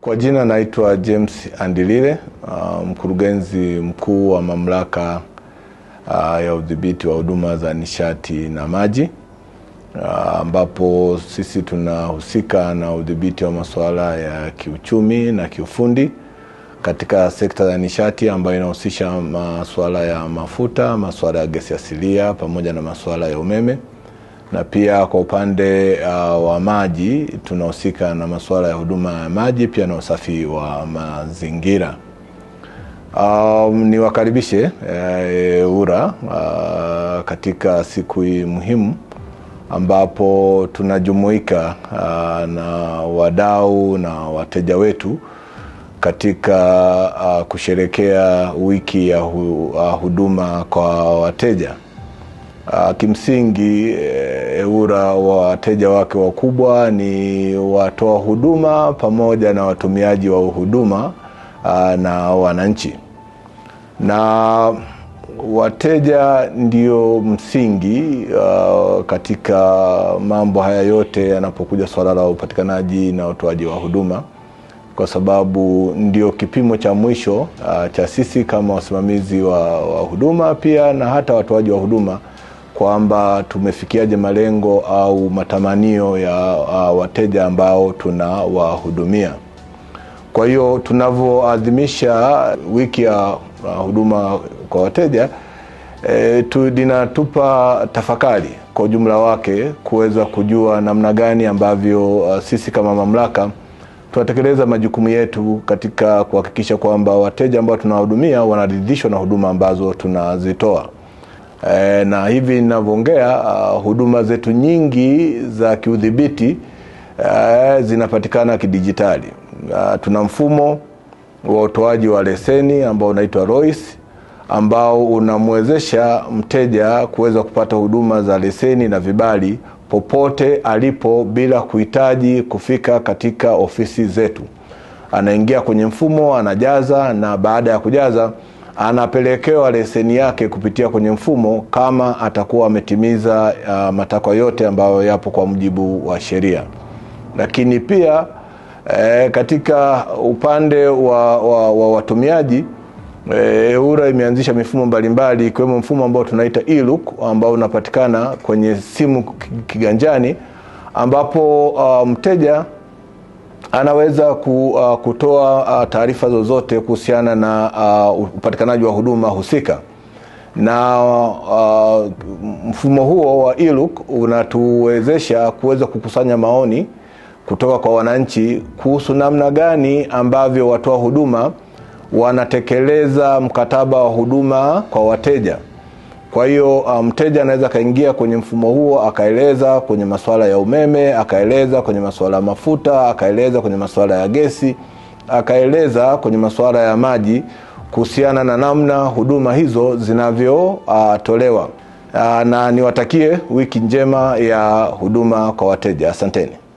Kwa jina naitwa James Andilile, uh, mkurugenzi mkuu wa mamlaka uh, ya udhibiti wa huduma za nishati na maji uh, ambapo sisi tunahusika na udhibiti wa masuala ya kiuchumi na kiufundi katika sekta ya nishati ambayo inahusisha masuala ya mafuta, masuala ya gesi asilia pamoja na masuala ya umeme na pia kwa upande uh, wa maji tunahusika na masuala ya huduma ya maji pia na usafi wa mazingira. Um, niwakaribishe uh, URA uh, katika siku hii muhimu ambapo tunajumuika uh, na wadau na wateja wetu katika uh, kusherekea wiki ya uh, huduma kwa wateja. Uh, kimsingi eh, EWURA wateja wake wakubwa ni watoa huduma pamoja na watumiaji wa huduma uh, na wananchi, na wateja ndio msingi uh, katika mambo haya yote yanapokuja swala la upatikanaji na utoaji wa huduma, kwa sababu ndio kipimo cha mwisho uh, cha sisi kama wasimamizi wa, wa huduma pia na hata watoaji wa huduma kwamba tumefikiaje malengo au matamanio ya uh, wateja ambao tunawahudumia. Kwa hiyo tunavyoadhimisha wiki ya uh, huduma kwa wateja e, tu linatupa tafakari kwa ujumla wake kuweza kujua namna gani ambavyo uh, sisi kama mamlaka tunatekeleza majukumu yetu katika kuhakikisha kwamba wateja ambao tunawahudumia wanaridhishwa na huduma ambazo tunazitoa. E, na hivi ninavyoongea uh, huduma zetu nyingi za kiudhibiti uh, zinapatikana kidijitali. Uh, tuna mfumo wa utoaji wa leseni ambao unaitwa ROIS ambao unamwezesha mteja kuweza kupata huduma za leseni na vibali popote alipo bila kuhitaji kufika katika ofisi zetu. Anaingia kwenye mfumo, anajaza na baada ya kujaza anapelekewa leseni yake kupitia kwenye mfumo kama atakuwa ametimiza uh, matakwa yote ambayo yapo kwa mujibu wa sheria. Lakini pia e, katika upande wa, wa, wa watumiaji e, eh, EWURA imeanzisha mifumo mbalimbali ikiwemo mfumo ambao tunaita e-Look ambao unapatikana kwenye simu kiganjani ambapo uh, mteja anaweza ku, uh, kutoa uh, taarifa zozote kuhusiana na uh, upatikanaji wa huduma husika na uh, mfumo huo wa ILUK unatuwezesha kuweza kukusanya maoni kutoka kwa wananchi kuhusu namna gani ambavyo watoa huduma wanatekeleza mkataba wa huduma kwa wateja. Kwa hiyo uh, mteja um, anaweza akaingia kwenye mfumo huo akaeleza kwenye masuala ya umeme, akaeleza kwenye masuala ya mafuta, akaeleza kwenye masuala ya gesi, akaeleza kwenye masuala ya maji kuhusiana na namna huduma hizo zinavyotolewa. Uh, uh, na niwatakie wiki njema ya huduma kwa wateja. Asanteni.